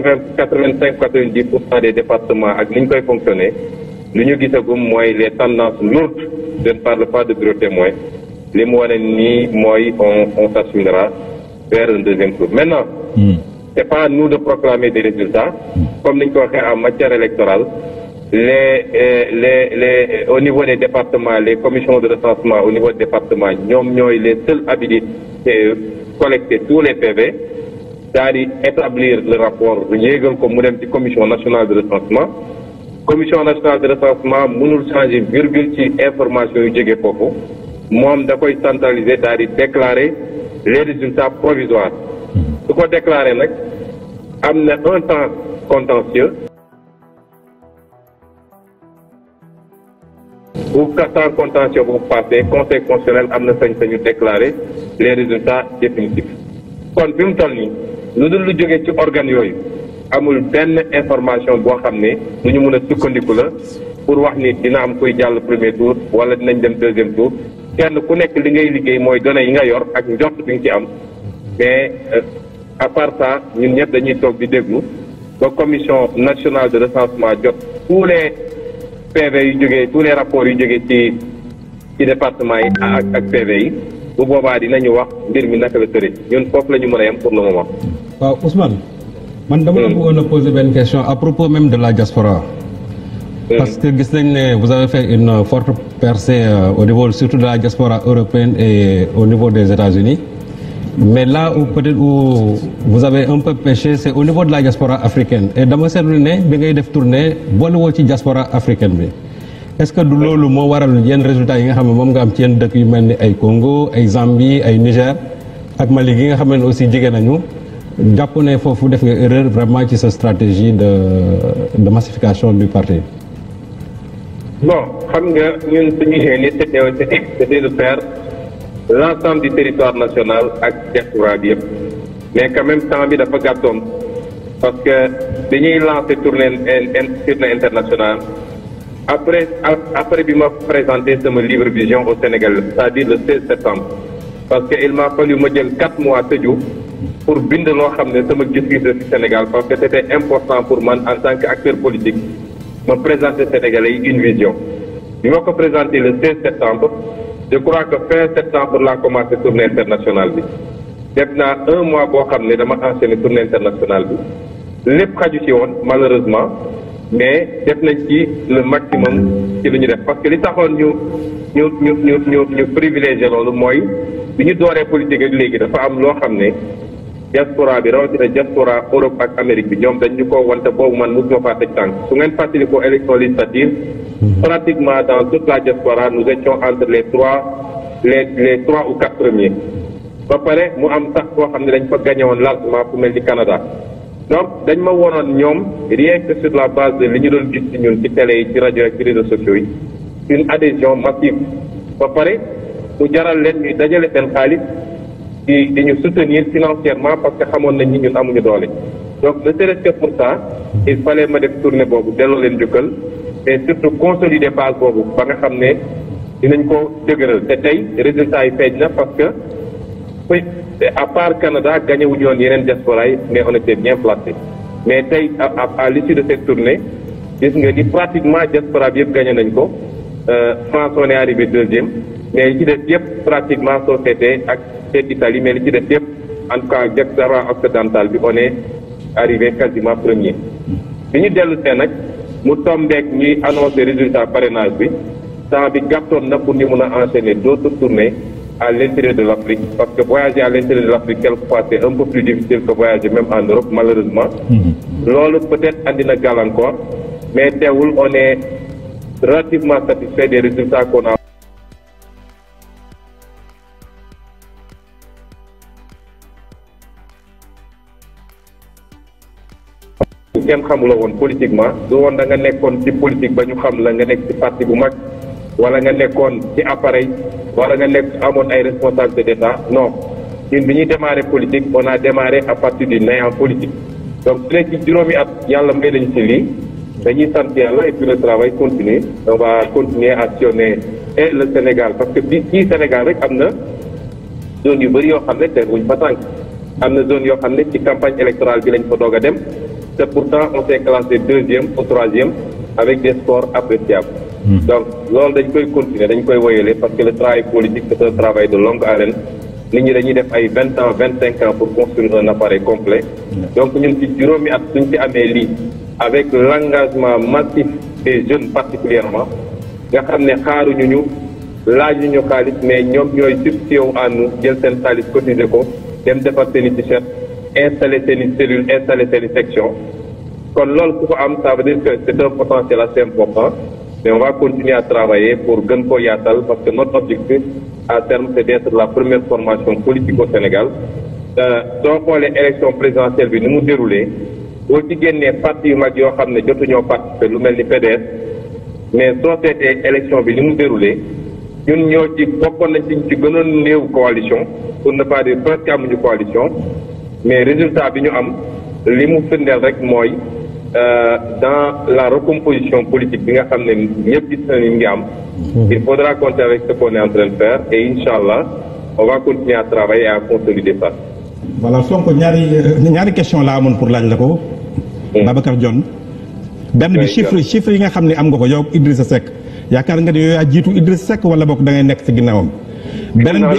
quatre-vingt quatre-vingt-cinq quatre-vingt-dix pour cent ñu koy fonctionner mooy les tendances lourdes je ne de bureau témoin li mooy on on s'assurera vers un deuxième tour maintenant hmm. de proclamer des résultats hmm. comme ni ñu ko waxee en matière électorale les euh, les les au niveau des départements les commissions de recensement au niveau des départements ñoom ñooy les seuls daal di établir le rapport yéegal ko mu dem ci commission nationale de recensement commission nationale de recensement mënul changer virgule ci information yu jóge foofu moom da koy centraliser daal di déclarer les résultats provisoires hmm. su ko déclarer nag am na un temps contentieux bu temps contentieux boobu passé conseil constitutionnel am na sañ-sañu déclarer les résultats définitifs kon fi mu toll nii lu dul lu jóge ci organes yooyu amul benn information boo xam ne lu ñu mën a sukkandiku la pour wax ni dina am kuy jàll premier tour wala dinañ dem deuxième tour kenn ku nekk li ngay liggéey mooy données yi nga yor ak njort bi ñu ci am mais euh, à part ça ñun ñett dañuy toog di déglu ba commission nationale de recensement jot tour les PV yu jógee tous les rapports yu jóge ci ci département yi ak ak PV yi bu boobaa dinañu wax mbir mi naka la tëri ñun foofu la ñu mën a yem pour le moment. waaw Ousmane. man dama la hmm. bëggoon a poser benn question à propos même de la diaspora. Hmm. parce que gis nañ ne vous sa fait une forte percée euh, au niveau surtout de la diaspora européenne et au niveau des États-Unis mais là u peut-être où vous avez un c'est au niveau de la diaspora africaine et dama seetlu ne bi ngay def tournée boolewoo ci diaspora africaine bi. est-ce que du loolu moo waral yenn résultat yi nga xam ne moom nga am ci yenn dëkk yu mel ni ay Congo ay Zambie ay Niger ak Mali gi nga xam ne aussi jege nañu jàpp ne foofu def nga erreur vraiment ci sa stratégie de de massification du parti. bon xam nga ñun suñu génie c'était c'était de faire l'ensemble du territoire national ak diaspora bi yëpp mais quand même temps bi dafa gàttoon parce que dañuy lancer tournée tournée internationale. après après bi ma présenté sama livre vision au Sénégal c'est-à-dire le septembre parce que il m'a fallu ma jël quatre mois tëju pour bind loo xam ne sama gis-gis la ci Sénégal parce que c'était important pour man en tant qu'acteur politique ma présenter sénégal yi une vision bi ma ko présenté le 16 septembre je crois que fin septembre laa commencé tournée internationale bi def naa un mois boo xam ne dama enchaîné tournée internationale bi lép xaju ci woon malheureusement mais def nañ ci le maximum ci lu ñu def parce que li taxoon ñu ñu ñu ñu ñu ñu privilégié loolu mooy bi ñu dooree politique ak léegi dafa am loo xam ne diaspora bi rawatina diaspora Europe ak Amérique bi ñoom dañ ñu ko wante boobu man mosuma faa teg tànk su ngeen fàttali ko élection législative pratiquement dans toute la diaspora nous étions entre les trois les les trois ou quatre premiers ba pare mu am sax koo xam ne dañ fa gagné woon largement ku mel ni Canada donc dañ ma wonoon ñoom rien que sur la base de li ñu doon gis ci ñun ci télé yi ci rajo ak ci réseaux sociaux yi une adhésion massive ba pare mu jaral leen ñuy dajale seen xaalis di ñu soutenir financièrement parce que xamoon nañ ni ñun amuñu doole donc ne serait-ce pour ça il fallait ma def tournée boobu delloo leen jukkal mais surtout consolider base boobu ba nga xam ne dinañ ko dëgëral te tey résultat yi feeñ na parce que te à part Canada gagné wuñu woon yeneen diaspora yi mais on était bien placé mais tey a l'issue de cette tournée gis nga ni pratiquement diaspora bi yëpp gagné nañ ko euh, France on est arrivé deuxième mais li ci def yëpp pratiquement soo seetee ak seet Italie mais li ci def yëpp en tout cas diaspora occidentale bi on est arrivé quasiment premier bi ñu dellu see nag mu tombeek ñuy annoncé résultat naa bi temps bi gàttoon na pour ñu mën a enchaîner d'autres tournées à l'intérieur de l'Afrique parce que voyager à l'intérieur de l'Afrique quelquefois c'est un peu plus difficile que voyager même en Europe malheureusement mm-hmm. loolu peut-être andi na gàllankoor mais teewul on est relativement satisfait des résultats qu'on a kenn xamula woon politiquement du woon da nga nekkoon ci politique ba ñu xam la nga nekk ci parti bu mag wala nga nekkoon ci appareil wala nga nekk amoon ay responsabilité d'État non ñun bi ñuy démarrer politique on a démarré à partir du néant politique. donc su nekk ci juróomi at yàlla may lañu ci lii dañuy sant yàlla et puis le travail continue on continuer à sillonner et le Sénégal parce que bi fii Sénégal rek am na zone yu bëri yoo xam ne tey wuñ fa tànk am na zone yoo xam ne ci campagne électorale bi lañ fa doog a dem te pourtant on s'est classé deuxième ou troisième avec des scores appréciables. Hmm. donc loolu dañ koy continuer dañ koy woyale parce que le travail politique c'est un travail de longue haleine nit ñi dañuy def ay vingt ans vingt cinq ans pour construire un appareil complet hmm. donc ñun ci juróomi at suñ ci amee lii avec l'engagement massif des jeunes particulièrement nga xam ne xaaruñu ñu laaju ñu xaalis mais ñoom ñooy substitué wu à nous jël seen xaalis cotisé ko dem defar seen i t-shirt installé seen i cellule installé section kon loolu ku ko am sa veut dire que c'est Mais on va continuer à travailler pour Gunko Yatal parce que notre objectif à terme, c'est la première formation politique au Sénégal. Euh, soo xoolee les élections bi nous mu dérouler. boo ci génnee parti yu mag yoo xam ne ñoo jotuñoo participer lu mel ni PDS mais soo seetee élection bi ni mu déroulé ñun ñoo ci bokkoon nañ ñu ci gën a néew coalition pour ne pas dire presque amuñu coalition mais résultat bi ñu am li mu firndeel rek mooy Euh, dans la recomposition politique bi nga xam ne ñëpp gis na ni mu ngi am. Mmh. il faudra compter avec ce qu'on est en train de faire et incha allah on va continuer à travailler et à consolider ça. voilà Sonko ñaari euh, ñaari question laa amoon pour laaj la ko. Mmh. Babacar Dione. benn bi chiffre chiffre yi nga xam ne am nga ko yow Idrissa Seck yaakaar nga ne yow yaa jiitu Idrissa Seck wala boog da ngay nekk ci ginnaawam. beneen bi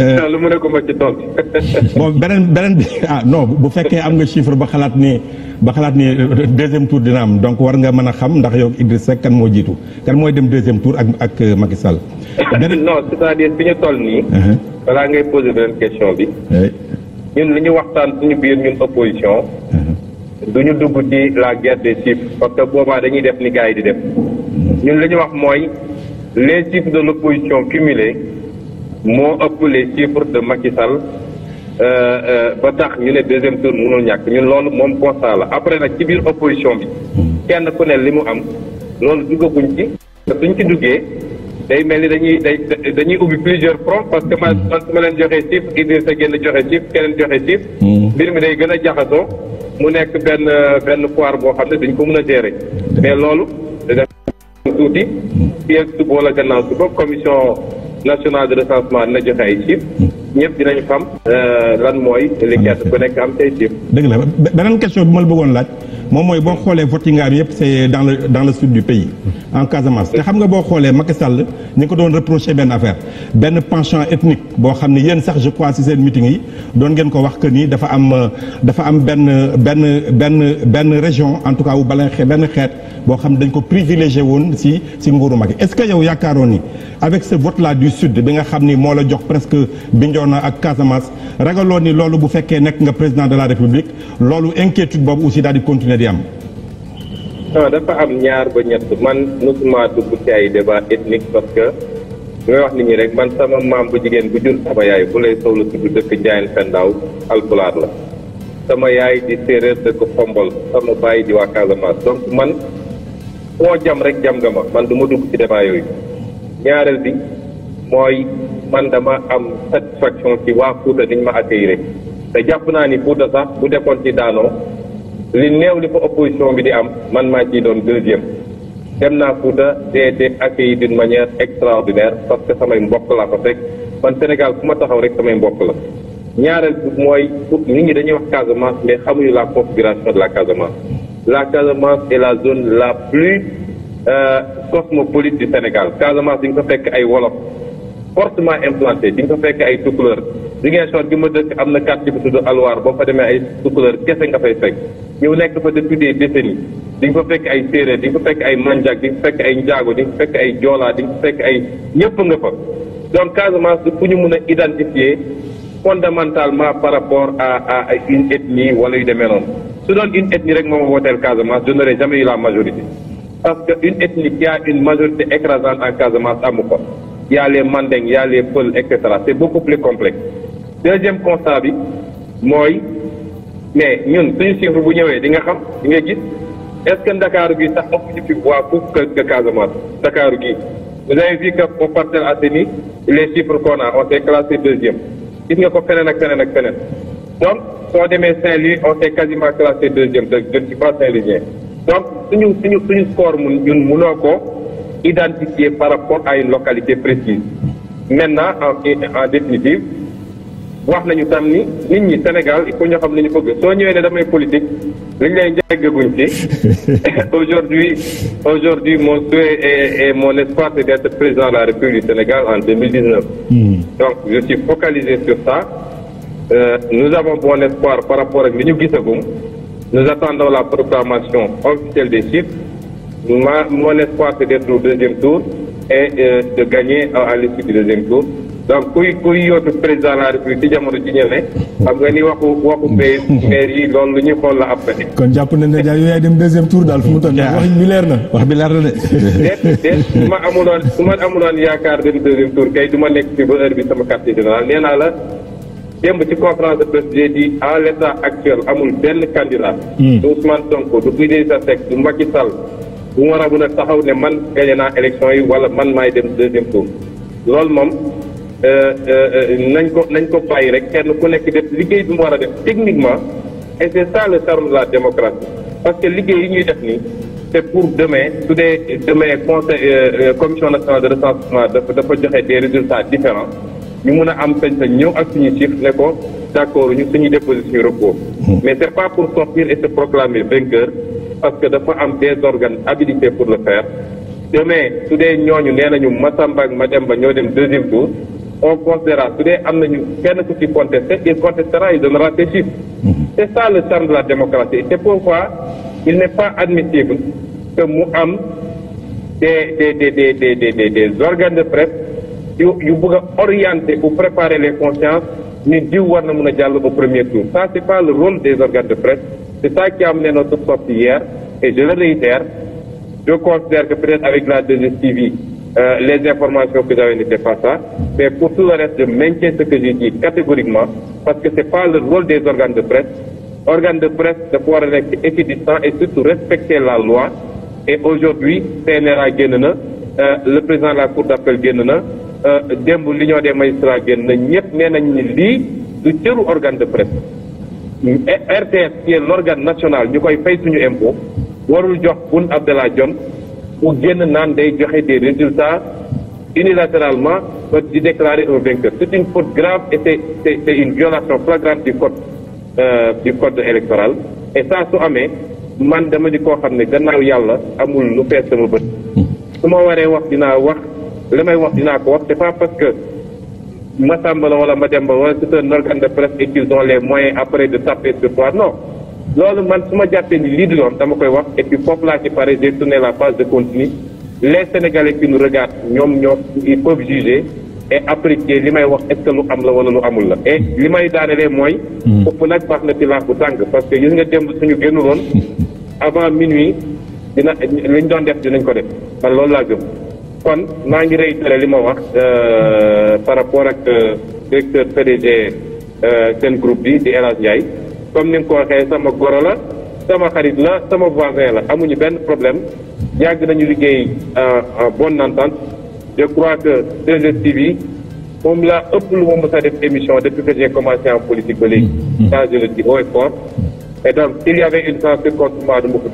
euh, lu mu ne ko ma ci tontu. bon beneen beneen ah, bu fekkee am nga chiffre ba xalaat ni ba xalaat ni euh, deuxième tour dina am donc war nga mën a xam ndax yow Idriss Seck kan moo jiitu kan mooy dem deuxième tour ak ak euh, Macky Sall. beneen non c'est-à-dire fi toll nii. Uh-huh. balaa ngay poser question bi. ñun li ñu waxtaan suñu biir ñun opposition. Uh-huh. du la guerre des chiffres boobaa dañuy def ni gars yi di def. Mm-hmm. ñun li ñu wax mooy les chiffres de l'opposition cumulés. moo ëpp les chiffres de Macky Sall euh, euh, ba tax ñu ne deuxième tour mënul ñàkk ñun loolu moom constat la après nag ci biir opposition bi kenn ku ne li mu am loolu duggaguñ ci te suñ ci duggee day mel ni dañuy day dañuy ubbi plusieurs fronts parce que man man su ma leen joxee chiffre Idrissa génn joxe chiffre keneen joxe chiffre hmm. mbir mi day gën a jaxasoo mu nekk benn benn foire boo xam ne dañ ko mën a gérer mais loolu da def tuuti fii ak suba wala gannaaw suba commission national de recensement dina joxe ay chiffres yëpp dinañ xam euh, lan mooy li kenn ku nekk am tey jëm. dëgg la beneen question bi ma la bëggoon laaj moom mooy boo xoolee vote yi nga am yëpp c'est dans le dans le sud du pays en Casamance te xam nga boo xoolee Macky Sall ñu ko doon reproché benn affaire benn penchant ethnique boo xam ne yéen sax je crois si seen meeting yi doon ngeen ko wax am dafa am benn benn benn région en tout cas wu benn xeet boo xam ne dañ ko privilégié woon si si nguuru Macky est-ce que yow yaakaaroon ni avec ce vote là du sud bi nga xam ni moo la jox presque Bignona ak Casamance ragaloo loolu bu fekkee nekk nga président de la république loolu inquiétude boobu aussi daal di continuer di am. non dafa am ñaar ba ñett man mosuma dugg ci ay débat ethnique parce que ngay wax nit ñi rek man sama maam bu jigéen bu jur sama yaay bu lay sow la tudd dëkk Ndiayène Pendaaw alpulaar la. sama yaay di séeréer dëkk Xombol sama baay di waa Casamance donc man foo jam rek jam nga ma man du ma dugg ci débat ñaareel bi mooy man dama am satisfaction ci waa Fuuta niñ ma accueillir te jàpp naa ni Fuuta sax bu defoon ci daanoo li neew li fa opposition bi di am man maa ciy doon deuxième dem naa Fuuta j'ai été accueilli d'une manière extraordinaire parce que samay mbokk laa fa fekk man Sénégal fu ma taxaw rek samay mbokk la ñaareel bi mooy nit ñi dañuy wax Casamance mais xamuñu la configuration de la Casamance la Casamance est la zone la plus euh, cosmopolite du Sénégal Casamance di nga fa fekk ay wolof fortement implanté di nga fa fekk ay tukkuleur Ziguinchor gi ma dëkk am na quartier bu tudd Alwaar boo fa demee ay tukkuleur kese nga fay fekk ñu nekk fa depuis des décennies di nga fa fekk ay séeréer di fa fekk ay manjaak di nga fa fekk ay njaago di nga fa fekk ay joolaa di nga fa fekk ay ñëpp nga fa donc Casamance fu ñu mun a identifier fondamentalement par rapport à à une ethnie wala yu demee noonu su doon une ethnie rek moom a wooteel Casamance je n'aurais jamais la majorité parce a une majorité écrasante en Casamance amu ko y a les mandeng y a les et cetera c'est beaucoup plus complexe. deuxième constat bi mooy mais ñun suñu chiffre bu ñëwee di nga xam di nga gis est-ce Ndakaaru gi sax ëpp ci waa foofu que que Ndakaaru gi vous avez vu que pour Parcelles Assainies les chiffres qu'on a on s'est classé deuxième gis nga ko feneen ak feneen ak feneen donc soo demee Saint-Louis on s'est quasiment classé deuxième de je ne suis pas Saint-Louisien donc suñu suñu suñu score mun ñun munoo ko. identifié par rapport à une localité précise maintenant en en définitive wax nañu tam ni nit ñi Sénégal il faut ñu xam li ñu bëgg soo ñëwee ne damay politique liñ lay jéggaguñ ci aujourd'hui aujourd'hui mon souhait et, et mon espoir c'est d'être président de la République du Sénégal en 2019 mm. donc je suis focalisé sur ça euh, nous avons bon espoir par rapport ak li ñu gisagum nous attendons la proclamation officielle des chiffres Ma, mon espoir, c'est d'être au deuxième tour et euh, de gagner à, à deuxième tour. donc kuy kuy yootu président de la république ci jamono ji ñëwee xam nga ni waxu waxu maire yi loolu lu ñuy xool la après. kon jàpp na ne jaay yow yaay dem deuxième tour daal fu mu toll wax bi leer na wax bi leer na de. déet déet su ma amuloon su ma amuloon yaakaar dem deuxième tour kay du ma nekk fi ba heure bi sama quartier général nee naa la démb ci conférence de presse j'ai amul benn candidat. Hmm. du Ousmane Sonko du Idrissa Seck du Macky bu war a mën a taxaw ne man gagné naa élection yi wala man maay dem deuxième tour loolu moom euh, euh, euh, nañ ko nañ ko bàyyi rek kenn ku nekk def liggéey bi mu war a def techniquement et c'est ça le charme de la démocratie parce que liggéey yi ñuy def nii c'est pour demain su dee demain conseil commission nationale de recensement dafa dafa joxe des résultats différents ñu mun a am sañ-sañ ñëw ak suñu chiffre ne ko d'accord ñu suñu déposition recours hmm. mais c'est pas pour sortir parce que dafa am des organes habilités pour le faire mais su dee ñooñu nee nañu Massamba ak Mademba ñoo dem deuxième tour on considérera su dee am nañu kenn ku ci contesté il contestera il donnera ses chiffres mhm. c'est ça le charme de la démocratie c'est pourquoi il n'est pas admissible que mu am des des des des des des des des organes de presse yu yu bëgg a orienter ou préparer les consciences ni diw war na mun a jàll au premier tour ça c'est pas le rôle des organes de presse C'est ça qui a amené notre sortie hier. Et je je considère que peut-être avec la DGTV, euh, les informations que j'avais n'étaient pas ça. Mais pour tout le reste, je maintiens ce que j'ai dit catégoriquement, parce que ce n'est pas le rôle des organes de presse. Organes de presse de la loi. Et aujourd'hui, CNRA Guénena, euh, le président de la Cour d'appel Guénena, euh, démb l'Union des magistrats Guénena, ñëpp nee nañ ni lii du cëru organe de presse. RTS qui est national ñu koy fay suñu impôt warul jox Boun Abdallah Dionne mu génn naan day joxe des résultats unilatéralement di déclarer un vainqueur c'est une faute grave et c'est une violation flagrante du code euh, code électoral et su amee man dama di koo xam ne gannaaw yàlla amul lu fees sama bët hmm. su ma waree wax dinaa wax li wax dinaa ko wax c'est pas parce que Massamba la wala Mademba wala c'est un organe de presse et qu'ils ont les moyens après de taper sur toi non loolu man su ma jàppee ni lii di doon dama koy wax et puis foofu laa ci pare j'ai tourné la page de contenu les Sénégalais qui nous regardent ñoom ñoo ils peuvent juger et apprécier li may wax est ce que lu am la wala lu amul la et li may daanelee mooy hmm. foofu nag baax na ci laax bu tàng parce que gis nga démb suñu génnuloon avant minuit dina liñ doon def dinañ ko def loolu laa gëm kon maa ngi réitéré li ma wax euh, par rapport ak euh, directeur PDG euh, seen group bi di El Hadj Ndiaye comme ni ko waxee sama goro la sama xarit la sama voisin la amuñu benn problème yàgg nañu liggéey en bon entente je crois que 2 bi moom laa ëpp lu ma sa a def émission depuis que j'ai commencé en politique ba léegi. Mm-hmm. ça je le dis haut et fort. et donc s'il y avait une chance de contre moi du ma ko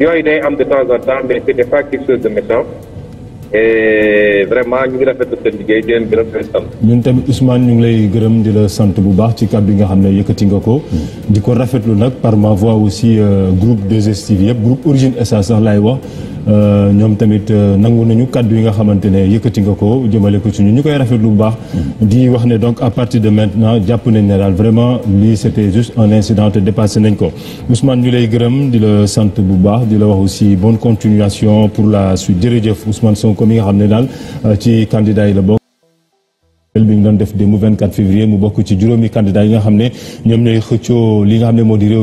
yooyu day am de temps en temps mais c'était pas quelque chose de méchant. et vraiment ñu ngi rafetlu seen liggéey di leen gërëm di leen sant. ñun tamit Ousmane ñu ngi lay gërëm di la sant bu baax ci kàddu yi nga xam ne yëkkati nga ko. Mm. di ko rafetlu nag par ma voix aussi euh, groupe de stv yëpp group Origine SA sax laay wax. Euh, ñoom tamit euh, nangu nañu kàddu yi nga xamante ne yëkkati nga ko jëmale ko ci ñun ñu koy rafet lu baax. Mm-hmm. di wax ne donc à partir de maintenant jàpp nañ ne daal vraiment lii c'était juste un incident te dépassé nañ ko Ousmane ñu lay gërëm di la sant bu baax di la wax aussi bonne continuation pour la su jërëjëf Ousmane Sonko mi nga xam ne daal euh, ci candidat yi la bokk. bi ñu doon def démb 24 février mu bokk ci juróomi candidat yi nga xam ne ñoom ñooy xëccoo li nga xam ne moo di